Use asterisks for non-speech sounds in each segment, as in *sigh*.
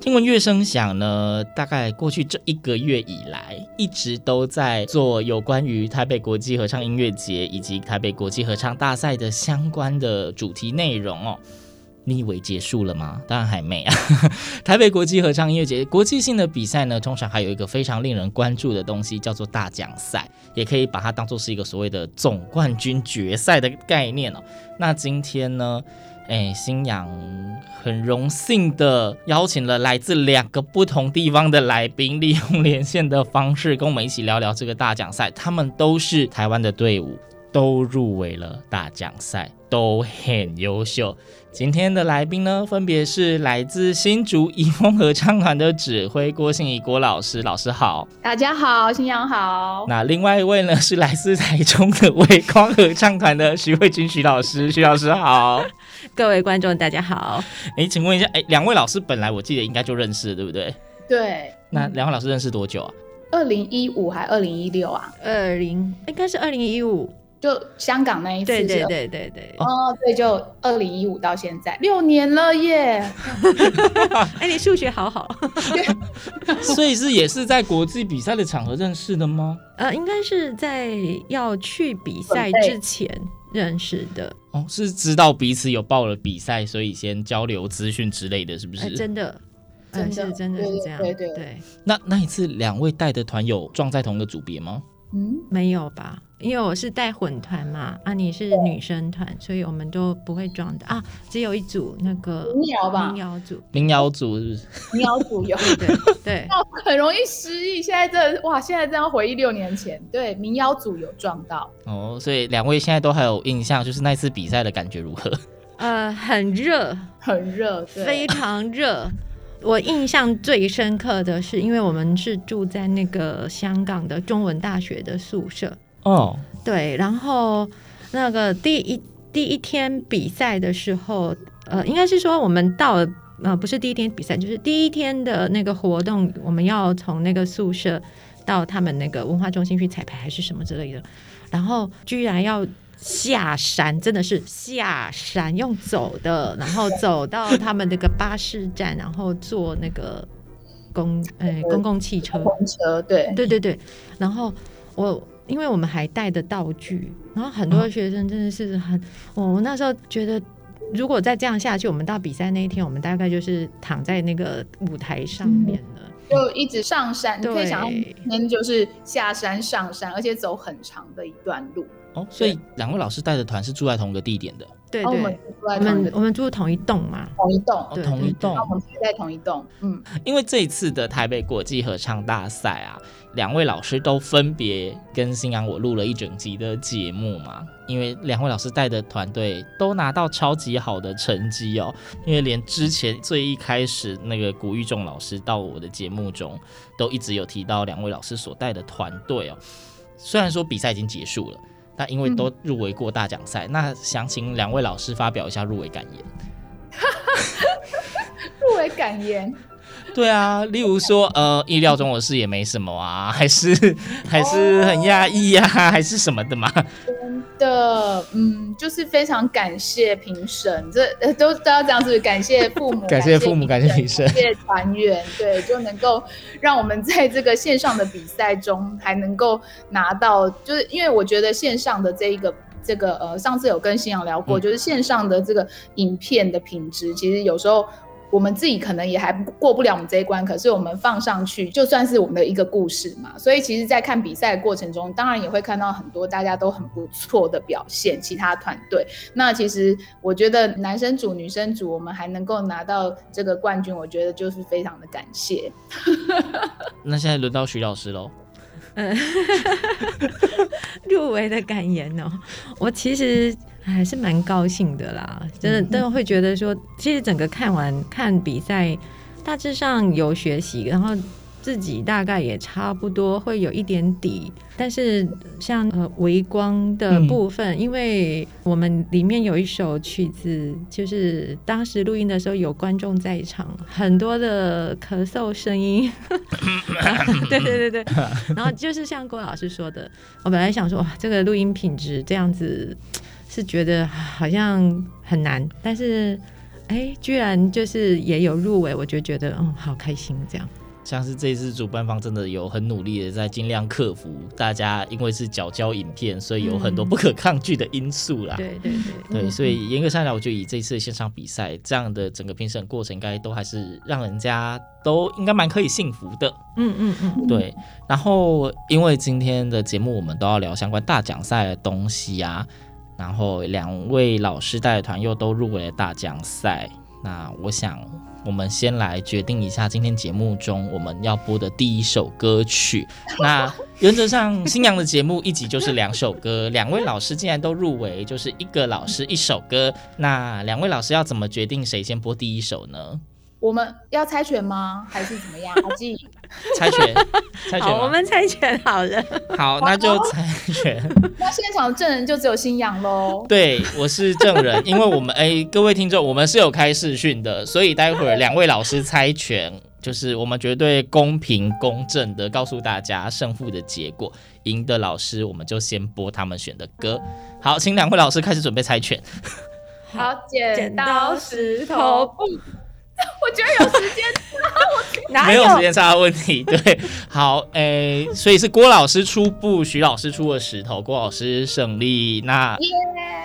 聽聞樂聲響呢，大概過去這一個月以來，一直都在做有關於台北國際合唱音樂節以及台北國際合唱大賽的相關的主題內容哦。你以為結束了嗎？當然還沒啊！ *laughs* 台北國際合唱音樂節，國際性的比賽呢，通常還有一個非常令人關注的東西，叫做大獎賽，也可以把它當做是一個所謂的總冠軍決賽的概念哦。那今天呢？哎，新陽很榮幸的邀請了來自兩個不同地方的來賓，利用連線的方式跟我們一起聊聊這個大獎賽。他們都是台灣的隊伍。都入圍了大獎賽，都很優秀。今天的來賓呢，分別是來自新竹沂風合唱團的指揮郭心怡郭老師，老師好。大家好，新陽好。那另外一位呢，是來自台中的微光合唱團的徐惠君徐老師，徐老師好。 *laughs* 各位觀眾大家好。哎、欸，請問一下，哎、欸，兩位老師本來我記得應該就認識，對不對？對。那兩位老師認識多久啊？二零一五還二零一六啊？二零應該是二零一五。就香港那一次，對對對對，對哦，對，就二零一五到現在六年了耶！ *laughs* *laughs* 哎，你數學好好， *laughs* *laughs* 所以是也是在國際比賽的場合認識的嗎？呃，應該是在要去比賽之前認識的。對哦，是知道彼此有報了比賽，所以先交流資訊之類的是不是？欸，真的，真，呃，的真的是這樣，對，對對。對那那一次兩位帶的團有撞在同一個組別嗎？嗯，沒有吧。因為我是帶混團嘛，啊，你是女生團，對所以我們都不會撞的啊。只有一組那個民謠吧，民謠組，民謠組是不是？民謠組有對對哦，很容易失憶。現在這哇，現在這樣回憶六年前，對，民謠組有撞到哦。所以兩位現在都還有印象，就是那一次比賽的感覺如何？呃，很熱，很熱，對，非常熱。我印象最深刻的是，因為我們是住在那個香港的中文大學的宿舍。哦，oh. 對，然後那個第一第一天比賽的時候，呃，應該是說我們到呃不是第一天比賽，就是第一天的那個活動，我們要從那個宿舍到他們那個文化中心去彩排還是什麼之類的，然後居然要下山，真的是下山用走的，然後走到他們那個巴士站， *laughs* 然後坐那個公、哎、公共汽車，公共車，對對對對，然後我。因為我們還帶的道具，然後很多學生真的是很，哦、我那時候覺得，如果再這樣下去，我們到比賽那一天，我們大概就是躺在那個舞台上面了，嗯、就一直上山，嗯、對，非常，想就是下山上山，而且走很長的一段路。哦，所以兩位老師帶的團是住在同一個地點的。對對，哦、我們我們住同一棟嘛，同一棟，同一棟，哦、在同一棟。嗯，因為這一次的台北國際合唱大賽啊，兩位老師都分別跟新然我錄了一整集的節目嘛。因為兩位老師帶的團隊都拿到超級好的成績哦。因為連之前最一開始那個古育仲老師到我的節目中，都一直有提到兩位老師所帶的團隊哦。雖然說比賽已經結束了。那因為都入圍過大獎賽，嗯、那想請兩位老師發表一下入圍感言。 *laughs* 入圍感言。對啊，例如說，呃，意料中的事也沒什麼啊，還是還是很壓抑呀，哦、還是什麼的嘛。真的，嗯，就是非常感謝評審，這都都要這樣子，感謝父母， *laughs* 感謝父母，感謝評審，感謝團員， *laughs* 對，就能夠讓我們在這個線上的比賽中還能夠拿到，就是因為我覺得線上的這一個這個，呃，上次有跟新陽聊過，嗯、就是線上的這個影片的品質，其實有時候。我們自己可能也還過不了我們這一關，可是我們放上去就算是我們的一個故事嘛。所以其實，在看比賽的過程中，當然也會看到很多大家都很不錯的表現，其他團隊。那其實我覺得男生組、女生組，我們還能夠拿到這個冠軍，我覺得就是非常的感謝。 *laughs* 那現在輪到徐老師嘍。嗯， *laughs* 入圍的感言哦，我其實還是蠻高興的啦，真的，但我會覺得說，其實整個看完看比賽，大致上有學習，然後。自己大概也差不多會有一點底，但是像呃微光的部分，嗯、因為我們裡面有一首曲子，就是當時錄音的時候有觀眾在場，很多的咳嗽聲音， *laughs* 啊、對對對對， *laughs* 然後就是像郭老師說的，我本來想說哇，這個錄音品質這樣子是覺得好像很難，但是哎，居然就是也有入圍，我就覺得嗯好開心這樣。像是這次主辦方真的有很努力的在盡量克服大家，因為是繳交影片，所以有很多不可抗拒的因素啦。嗯、對對對，嗯、對，所以嚴格上來，我覺得以這次線上比賽這樣的整個評審過程，應該都還是讓人家都應該蠻可以信服的。嗯嗯嗯，嗯嗯對。然後因為今天的節目我們都要聊相關大獎賽的東西啊，然後兩位老師帶的團又都入圍了大獎賽，那我想。我們先來決定一下今天節目中我們要播的第一首歌曲。那原則上，新陽的節目一集就是兩首歌，兩位老師既然都入圍，就是一個老師一首歌。那兩位老師要怎麼決定誰先播第一首呢？我們要猜拳嗎？還是怎麼樣？ *laughs* 猜拳，猜拳，好，我們猜拳好了。好，那就猜拳。 *laughs* 那現場的證人就只有心怡嘍。對，我是證人，因為我們哎、欸，各位聽眾，我們是有開視訊的，所以待會兒兩位老師猜拳，就是我們絕對公平公正的告訴大家勝負的結果。贏的老師，我們就先播他們選的歌。好，請兩位老師開始準備猜拳。好，剪刀石頭，剪刀石頭布。我覺得有時間差，我哪沒有時間差的問題？對，好，哎，所以是郭老師出布，徐老師出了石頭，郭老師勝利。那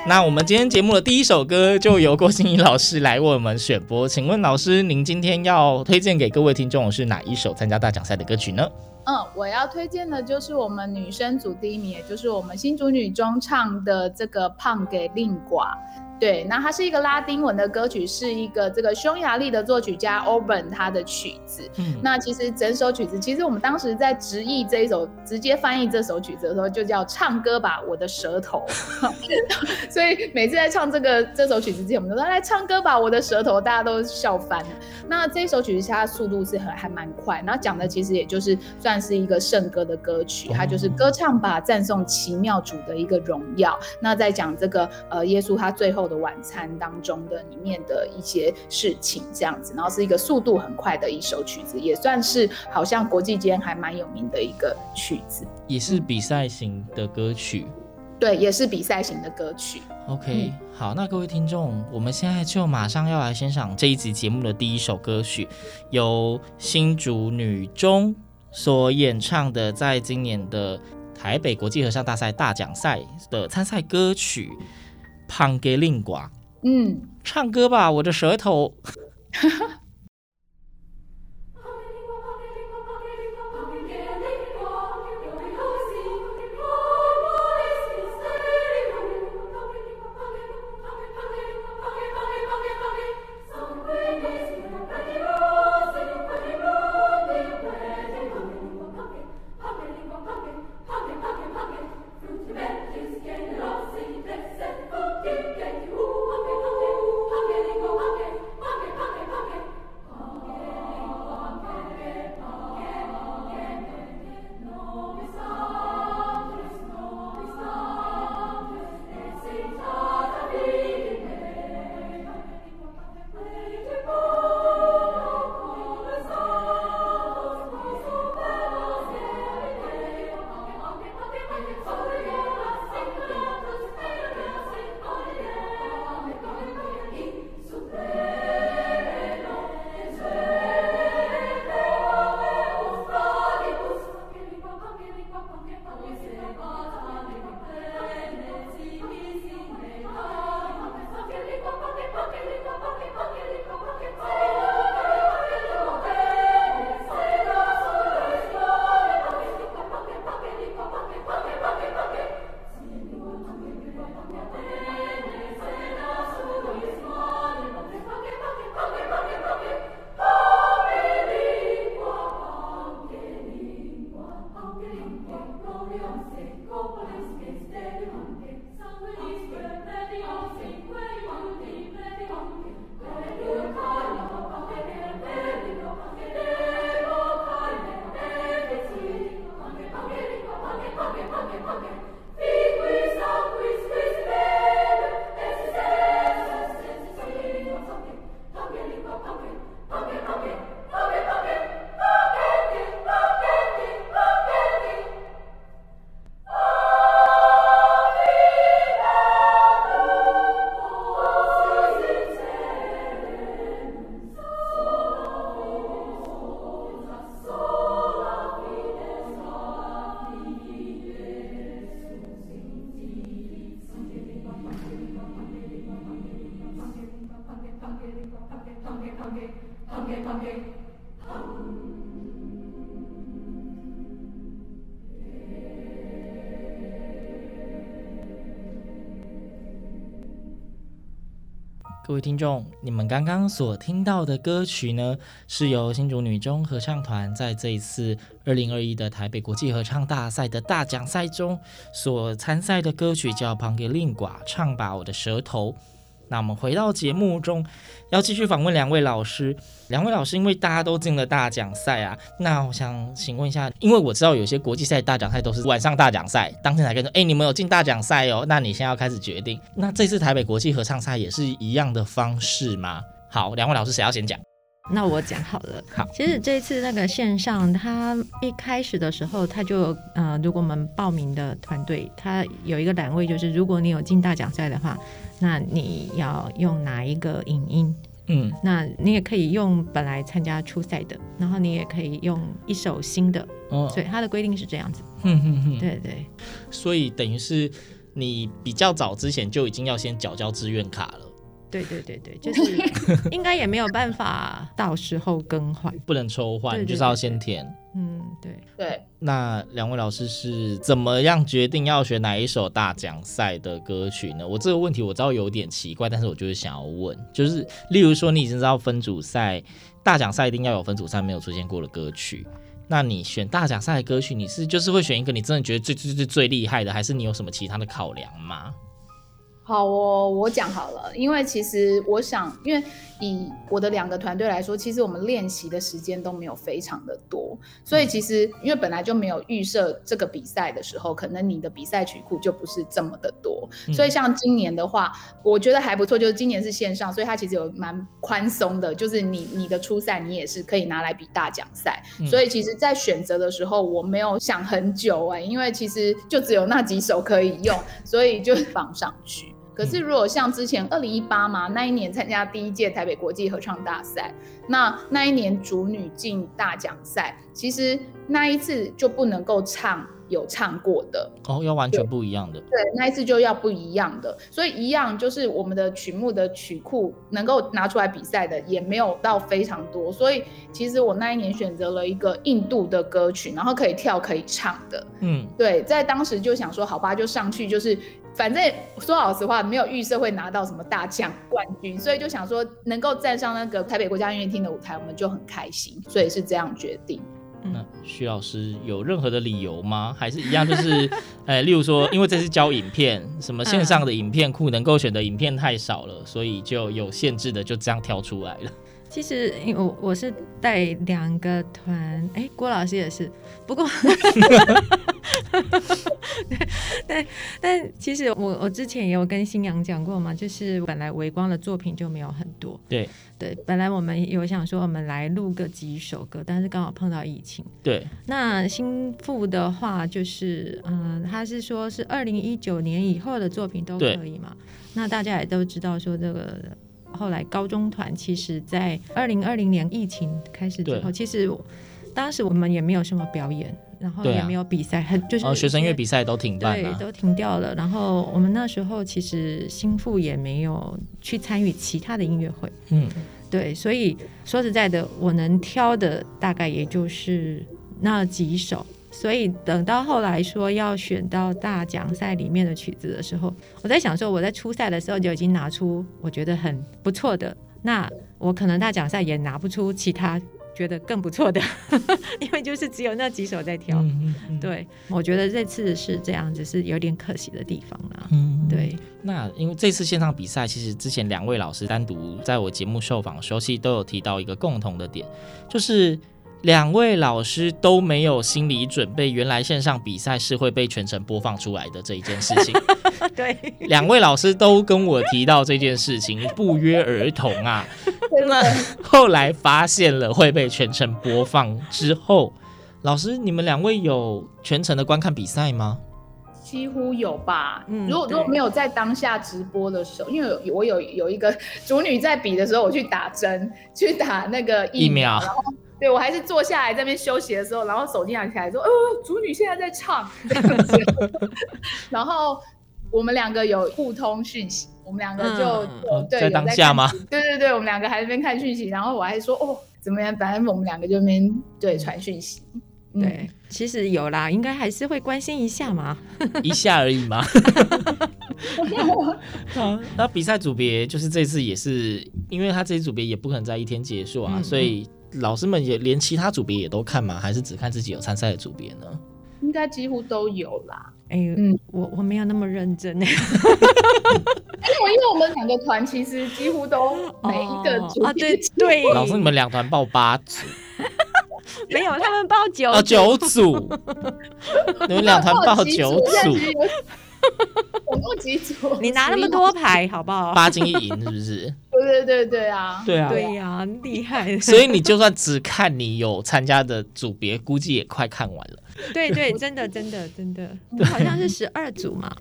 那我們今天節目的第一首歌就由郭心怡老師來為我們選播。請問老師，您今天要推薦給各位聽眾的是哪一首參加大獎賽的歌曲呢？嗯，我要推薦的就是我們女生組第一名，也就是我們新竹女中唱的這個《Pange Lingua》。對，那它是一個拉丁文的歌曲，是一個這個匈牙利的作曲家 Orbán 他的曲子。嗯，那其實整首曲子，其實我們當時在直譯這一首，直接翻譯這首曲子的時候，就叫“唱歌吧，我的舌頭”。 *laughs* 所以每次在唱這個這首曲子之前，我們都說“來唱歌吧，我的舌頭”，大家都笑翻了。那這一首曲子，它的速度是很還蠻快，然後講的其實也就是算是一個聖歌的歌曲，它就是歌唱吧，讚頌奇妙主的一個榮耀。那在講這個呃耶穌他最後。的晚餐當中的裡面的一些事情這樣子，然後是一個速度很快的一首曲子，也算是好像國際間還蠻有名的一個曲子，也是比賽型的歌曲。嗯、對，也是比賽型的歌曲。OK，好，那各位聽眾，我們現在就馬上要來欣賞這一集節目的第一首歌曲，由新竹女中所演唱的，在今年的台北國際合唱大賽大獎賽的參賽歌曲。Pange Lingua，嗯，唱歌吧，我的舌頭。 *laughs* 各位聽眾，你們剛剛所聽到的歌曲呢，是由新竹女中合唱團在這一次二零二一的台北國際合唱大賽的大獎賽中所參賽的歌曲叫，叫 Pange Lingua，唱吧，我的舌頭。那我們回到節目中，要繼續訪問兩位老師。兩位老師，因為大家都進了大獎賽啊。那我想請問一下，因為我知道有些國際賽大獎賽都是晚上大獎賽，當天才跟說，哎、欸，你們有進大獎賽哦。那你先要開始決定，那這次台北國際合唱賽也是一樣的方式嗎？好，兩位老師誰要先講？那我講好了。好，嗯、其實這一次那個線上，他一開始的時候，他就，呃，如果我們報名的團隊，他有一個欄位，就是如果你有進大獎賽的話，那你要用哪一個影音？嗯，那你也可以用本來參加初賽的，然後你也可以用一首新的。哦，所以他的規定是這樣子。嗯嗯嗯。對，對對。所以等於是你比較早之前就已經要先繳交志願卡了。對對對對，就是應該也沒有辦法，到時候更換 *laughs* 不能抽換，對對對對就是要先填。嗯，對對。那兩位老師是怎麼樣決定要選哪一首大獎賽的歌曲呢？我這個問題我知道有點奇怪，但是我就是想要問，就是例如說你已經知道分組賽，大獎賽一定要有分組賽沒有出現過的歌曲，那你選大獎賽的歌曲，你是就是會選一個你真的覺得最最最最厲害的，還是你有什麼其他的考量嗎？好、哦，我我講好了，因為其實我想，因為以我的兩個團隊來說，其實我們練習的時間都沒有非常的多，嗯、所以其實因為本來就沒有預設這個比賽的時候，可能你的比賽曲庫就不是這麼的多，嗯、所以像今年的話，我覺得還不錯，就是今年是線上，所以它其實有蠻寬鬆的，就是你你的初賽你也是可以拿來比大獎賽，嗯、所以其實，在選擇的時候我沒有想很久，哎、欸，因為其實就只有那幾首可以用，所以就放上去。嗯可是，如果像之前二零一八嘛，嗯，那一年參加第一屆台北國際合唱大賽，那那一年竹女進大獎賽，其實那一次就不能夠唱有唱過的哦，要完全不一樣的。對，對，那一次就要不一樣的，所以一樣就是我們的曲目的曲庫能夠拿出來比賽的也沒有到非常多，所以其實我那一年選擇了一個印度的歌曲，然後可以跳可以唱的，嗯，對，在當時就想說，好吧，就上去就是。反正說老實話，沒有預設會拿到什麼大獎冠軍，所以就想說能夠站上那個台北國家音樂廳的舞台，我們就很開心，所以是這樣決定。嗯、那徐老師有任何的理由嗎？還是一樣就是， *laughs* 哎，例如說，因為這次交影片， *laughs* 什麼線上的影片庫 *laughs* 能夠選的影片太少了，所以就有限制的就這樣挑出來了。其實，因為我我是帶兩個團，哎，郭老師也是，不過，但 *laughs* *laughs* 但其實我我之前也有跟新娘講過嘛，就是本來微光的作品就沒有很多，對對，本來我們有想說我們來錄個幾首歌，但是剛好碰到疫情，對，那新富的話就是，嗯、呃，他是說是二零一九年以後的作品都可以嘛，對那大家也都知道說這個。後來高中團其實，在二零二零年疫情開始之後，對其實當時我們也沒有什麼表演，然後也沒有比賽，很、啊、就是、哦、學生音樂比賽都停、啊，掉，對，都停掉了。然後我們那時候其實心腹也沒有去參與其他的音樂會，嗯，對。所以說實在的，我能挑的大概也就是那幾首。所以等到後來說要選到大獎賽裡面的曲子的時候，我在想說，我在初賽的時候就已經拿出我覺得很不錯的，那我可能大獎賽也拿不出其他覺得更不錯的， *laughs* 因為就是只有那幾首在挑。嗯嗯嗯、對，我覺得這次是這樣，就是有點可惜的地方、啊、嗯，嗯，對。那因為這次線上比賽，其實之前兩位老師單獨在我節目受訪的時候，其實都有提到一個共同的點，就是。兩位老師都沒有心理準備，原來線上比賽是會被全程播放出來的這一件事情。對，兩位老師都跟我提到這件事情，不約而同啊！後來發現了會被全程播放之後，老師你們兩位有全程的觀看比賽嗎？幾乎有吧。嗯，如果如果沒有在當下直播的時候，因為我有有一個主女在比的時候，我去打針去打那個疫苗。名對，我還是坐下來在那邊休息的時候，然後手機響起來，說：“呃、哦，竹女現在在唱這樣子。 *laughs* *laughs* 然後我們兩個有互通訊息，我們兩個就、嗯、對、哦，在當下嗎？對對對，我們兩個還在邊看訊息，然後我還說：“哦，怎麼樣？”反正我們兩個就邊對傳訊息。對，對嗯、其實有啦，應該還是會關心一下嘛， *laughs* 一下而已嘛。那 *laughs* *laughs* 比賽組別就是這次也是，因為他這組別也不可能在一天結束啊，嗯、所以。老師們也連其他組別也都看嗎？還是只看自己有參賽的組別呢？應該幾乎都有啦。哎呦，嗯，我我沒有那麼認真呢、欸。因為我因為我們兩個團其實幾乎都每一個組、哦啊。對對。老師，你們兩團報八組？ *laughs* 沒有，他們報九。九組。呃、組 *laughs* 你們兩團報九組。總共幾組？幾組你拿那麼多牌，好不好？八金一銀，是不是？對對對對啊！對啊，對啊，厲害！所以你就算只看你有參加的組別， *laughs* 估計也快看完了。對對，真的真的真的，真的對好像是十二組嘛。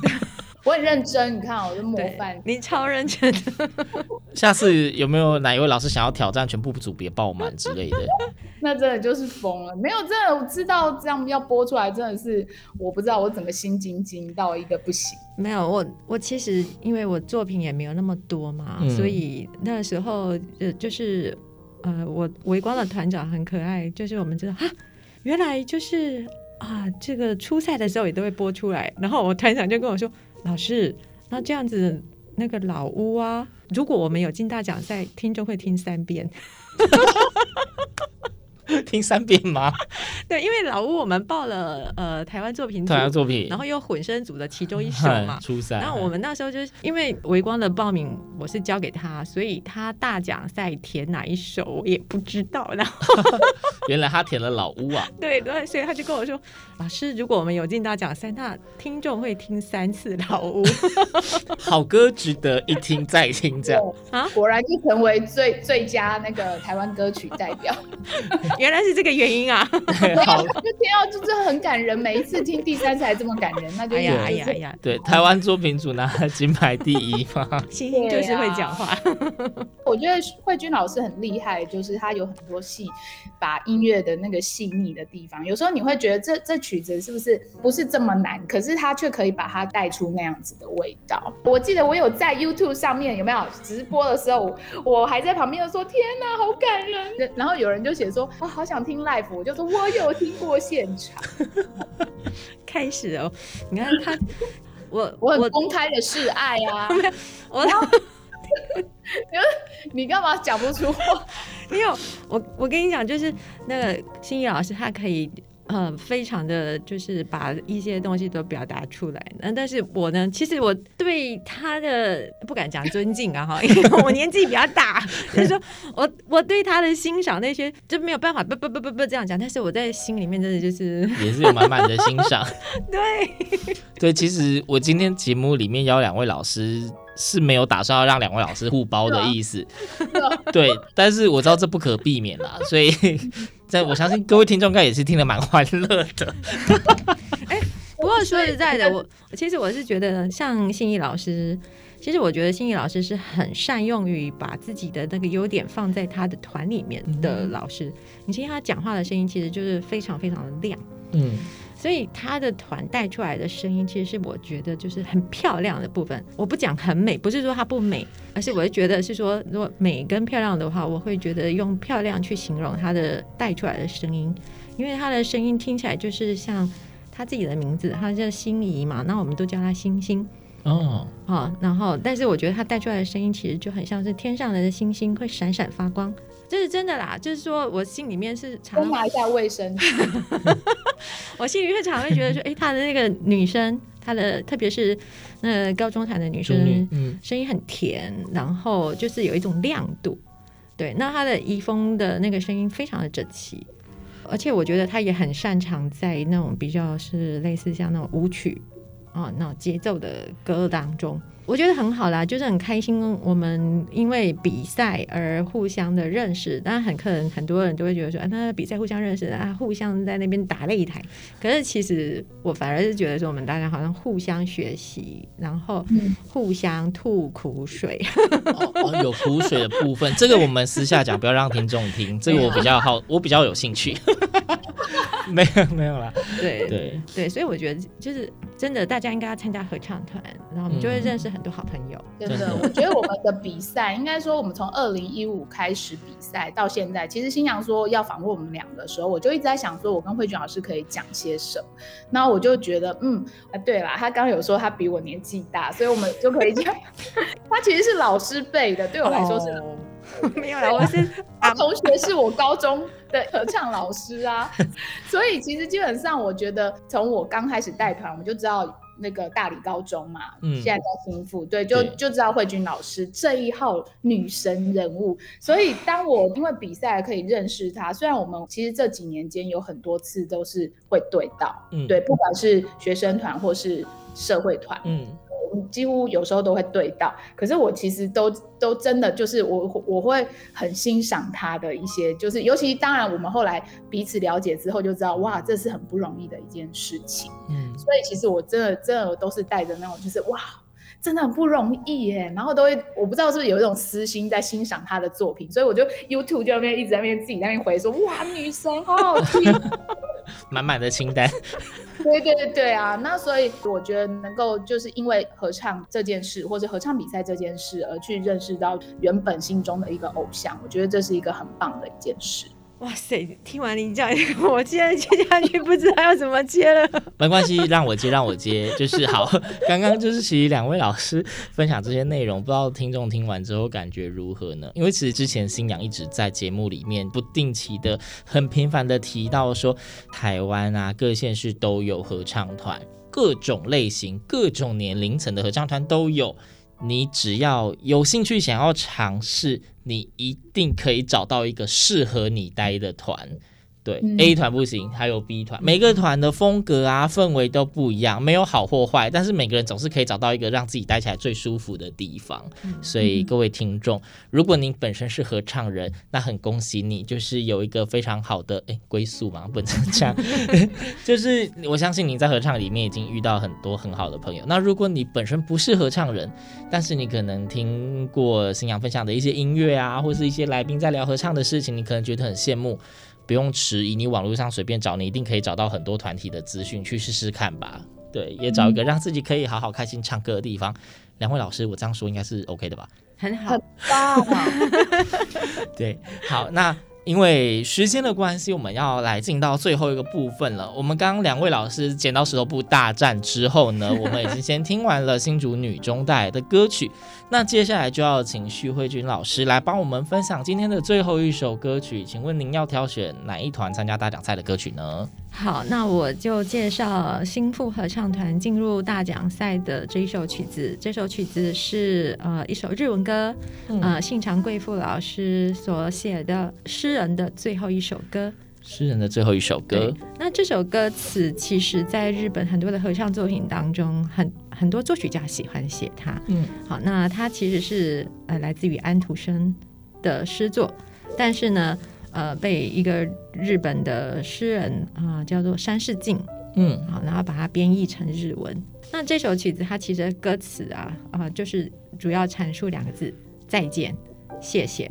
對 *laughs* *laughs* 我很認真，你看，喔，我的模範，你超認真的。 *laughs* 下次有沒有哪一位老師想要挑戰全部組別爆滿之類的？ *laughs* 那真的就是瘋了，沒有，真的我知道這樣要播出來真的是，我不知道我怎麼心驚驚到一個不行。沒有，我我其實因為我作品也沒有那麼多嘛，嗯、所以那時候呃就是呃我微光的團長很可愛，就是我們知道，啊原來就是啊這個初賽的時候也都會播出來，然後我團長就跟我說。老師，那這樣子，那個老屋啊，如果我們有進大獎賽，聽眾會聽三遍。 *laughs* *laughs* 聽三遍嗎？對，因為老屋我們報了呃台灣作、作品，台灣作品，然後又混聲組的其中一首嘛，初賽。那我們那時候就是因為微光的報名我是交給他，所以他大獎賽填哪一首我也不知道。然後 *laughs* 原來他填了老屋啊？對，對，所以他就跟我說：“老師，如果我們有進大獎賽，那聽眾會聽三次老屋， *laughs* 好歌值得一聽再聽這樣。我”啊，果然就成為最最佳那個台灣歌曲代表。 *laughs* 原來是這個原因啊 *laughs* 對！好了，天啊，就是很感人。每一次聽第三才這麼感人，那就是、就是、哎呀、就是、對哎呀對，台灣作品組拿了金牌第一嘛，謝謝。就是會講話、啊， *laughs* 我覺得惠君老師很厲害，就是他有很多戲，把音樂的那個細膩的地方，有時候你會覺得這這曲子是不是不是這麼難，可是他卻可以把它帶出那樣子的味道。我記得我有在 YouTube 上面有沒有直播的時候，我，我還在旁邊就說：“天哪、啊，好感人！”然後有人就寫說。好想聽 live，我就說，我又有聽過現場。 *laughs* 開始哦，你看他， *laughs* 我我我公開的示愛啊！我，你你幹嘛講不出話？因為，我我跟你講，就是那個心怡老師他可以。嗯、呃，非常的就是把一些東西都表達出來。那但是我呢，其實我對他的不敢講尊敬啊，哈， *laughs* 因為我年紀比較大。他 *laughs* 說我我對他的欣賞那些就沒有辦法，不不不不不這樣講。但是我在心裡面真的就是也是有滿滿的欣賞。 *laughs* 對對，其實我今天節目裡面邀兩位老師是沒有打算要讓兩位老師互包的意思。對，但是我知道這不可避免啦，所以。在我相信各位聽眾應該也是聽得蠻歡樂的。 *laughs* 哎，不過說實在的，我其實我是覺得，像心怡老師，其實我覺得心怡老師是很善用於把自己的那個優點放在他的團裡面的老師。嗯、你聽他講話的聲音，其實就是非常非常的亮。嗯。所以他的團帶出來的聲音，其實是我覺得就是很漂亮的部分。我不講很美，不是說它不美，而是我覺得是說，如果美跟漂亮的話，我會覺得用漂亮去形容他的帶出來的聲音，因為他的聲音聽起來就是像他自己的名字，他叫心怡嘛，那我們都叫他星星。Oh. 哦，好，然後但是我覺得他帶出來的聲音，其實就很像是天上來的星星會閃閃發光。就是真的啦，就是說我心裡面是常常，多拿一下衛生。 *laughs* 我心裡面常會覺得說，哎、欸，她的那個女生，她 *laughs* 的特別是那高中台的女生，女嗯、聲音很甜，然後就是有一種亮度。對，那她的沂風的那個聲音非常的整齊，而且我覺得她也很擅長在那種比較是類似像那種舞曲啊、哦，那種節奏的歌當中。我覺得很好啦，就是很開心。我們因為比賽而互相的認識，當然很可能很多人都會覺得說：“啊，那比賽互相認識啊，互相在那邊打擂台。”可是其實我反而是覺得說，我們大家好像互相學習，然後互相吐苦水。嗯、哦，哦，有苦水的部分， *laughs* 這個我們私下講，不要讓聽眾聽。 *laughs* 這個我比較好，我比較有興趣。 *laughs* *laughs* 沒有，沒有啦。對對對，所以我覺得就是真的，大家應該要參加合唱團，然後我們就會認識很。很多好朋友，真的。 *laughs* 我覺得我們的比賽，應該說我們從二零一五開始比賽到現在。其實新陽說要訪問我們兩個的時候，我就一直在想說，我跟惠君老師可以講些什麼。那我就覺得，嗯啊，對啦，他剛剛有說他比我年紀大，所以我們就可以講。 *laughs* 他其實是老師輩的，對我來說是沒有老師，同學，是我高中的合唱老師啊。 *laughs* 所以其實基本上，我覺得從我剛開始帶團，我就知道。那個大理高中嘛，嗯、現在在新福。對，就就知道惠君老師這一號女神人物，所以當我因為比賽可以認識她，雖然我們其實這幾年間有很多次都是會對到，嗯、對，不管是學生團或是社會團，嗯幾乎有時候都會對到，可是我其實都都真的就是我我會很欣賞他的一些，就是尤其當然我們後來彼此了解之後就知道，哇，這是很不容易的一件事情。嗯，所以其實我真的真的都是帶着那種就是哇，真的很不容易耶、欸，然後都會我不知道是不是有一種私心在欣賞他的作品，所以我就 YouTube 就那邊一直在那邊自己在那邊回說， *laughs* 哇，女神，好好聽。 *laughs* 滿滿的清單，對 *laughs* 對對對啊！那所以我覺得能夠就是因為合唱這件事，或者合唱比賽這件事，而去認識到原本心中的一個偶像，我覺得這是一個很棒的一件事。哇塞！聽完你講，我現在接下去不知道要怎麼接了。沒關係，讓我接，讓我接， *laughs* 就是好。剛剛就是其實兩位老師分享這些內容，不知道聽眾聽完之後感覺如何呢？因為其實之前新娘一直在節目裡面不定期的、很頻繁的提到說，台灣啊各縣市都有合唱團，各種類型、各種年齡層的合唱團都有。你只要有興趣想要嘗試，你一定可以找到一個適合你待的團。對 A 團不行，還有 B 團，每個團的風格啊、氛圍都不一樣，沒有好或壞，但是每個人總是可以找到一個讓自己待起來最舒服的地方。嗯、所以各位聽眾，如果您本身是合唱人，那很恭喜你，就是有一個非常好的哎歸宿嘛，不能這樣， *laughs* *laughs* 就是我相信您在合唱裡面已經遇到很多很好的朋友。那如果你本身不是合唱人，但是你可能聽過新娘分享的一些音樂啊，或是一些來賓在聊合唱的事情，你可能覺得很羨慕。不用遲疑，你網絡上隨便找，你一定可以找到很多團體的資訊，去試試看吧。對，也找一個讓自己可以好好開心唱歌的地方。嗯，兩位老師，我這樣說應該是 OK 的吧？很好，很棒。對，好，那。因為時間的關係，我們要來進到最後一個部分了。我們剛剛兩位老師剪刀石頭布大戰之後呢，我們已經先聽完了新竹女中帶來的歌曲。 *laughs* 那接下來就要請徐惠君老師來幫我們分享今天的最後一首歌曲。請問您要挑選哪一團參加大獎賽的歌曲呢？好，那我就介紹興大附中合唱團進入大獎賽的這一首曲子。這首曲子是呃一首日文歌，啊、嗯呃，信長貴富老師所寫的詩人的最後一首歌。詩人的最後一首歌。那這首歌詞其實在日本很多的合唱作品當中，很很多作曲家喜歡寫它。嗯，好，那它其實是呃來自於安徒生的詩作，但是呢，呃，被一個日本的詩人啊、呃，叫做山室靜，嗯，好，然後把它編譯成日文。那這首曲子，它其實歌詞啊啊、呃，就是主要闡述兩個字：再見，謝謝。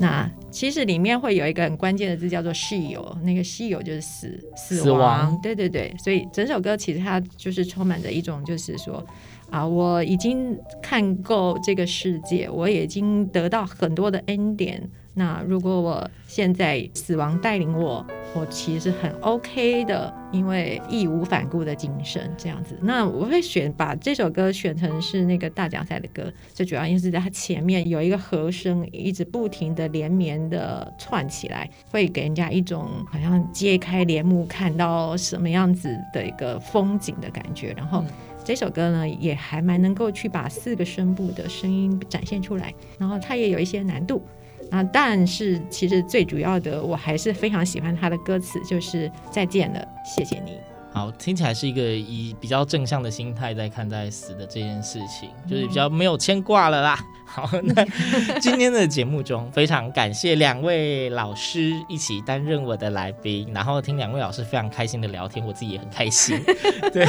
那其實裡面會有一個很關鍵的字，叫做室友，那個室友就是死死亡。死亡對對對，所以整首歌其實它就是充滿着一種，就是說啊，我已經看夠這個世界，我已經得到很多的恩典。那如果我現在死亡帶領我，我其實很 OK 的，因為義無反顧的精神這樣子。那我會選把這首歌選成是那個大獎賽的歌，最主要因為是在它前面有一個和聲一直不停的連綿的串起來，會給人家一種好像揭開簾幕看到什麼樣子的一個風景的感覺。然後這首歌呢，也還蠻能夠去把四個聲部的聲音展現出來，然後它也有一些難度。啊！但是其實最主要的，我還是非常喜歡他的歌詞，就是再見了，謝謝你。好，聽起來是一個以比較正向的心態在看待死的這件事情，就是比較沒有牽掛了啦。嗯、好，那 *laughs* 今天的節目中，非常感謝兩位老師一起擔任我的來賓，然後聽兩位老師非常開心的聊天，我自己也很開心。 *laughs* 對，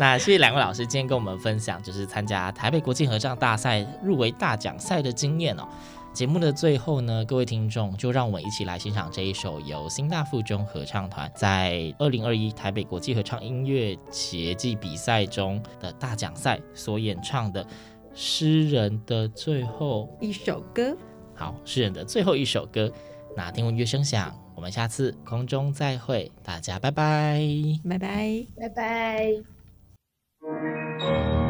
那謝謝兩位老師今天跟我們分享，就是參加台北國際合唱大賽入圍大獎賽的經驗哦。節目的最後呢，各位聽眾，就讓我們一起來欣賞這一首由興大附中合唱團在二零二一台北國際合唱音樂節暨比賽中的大獎賽所演唱的詩人的最後一首歌。好，詩人的最後一首歌。那聽聞樂聲響，我們下次空中再會，大家拜拜，拜拜，拜拜。拜拜。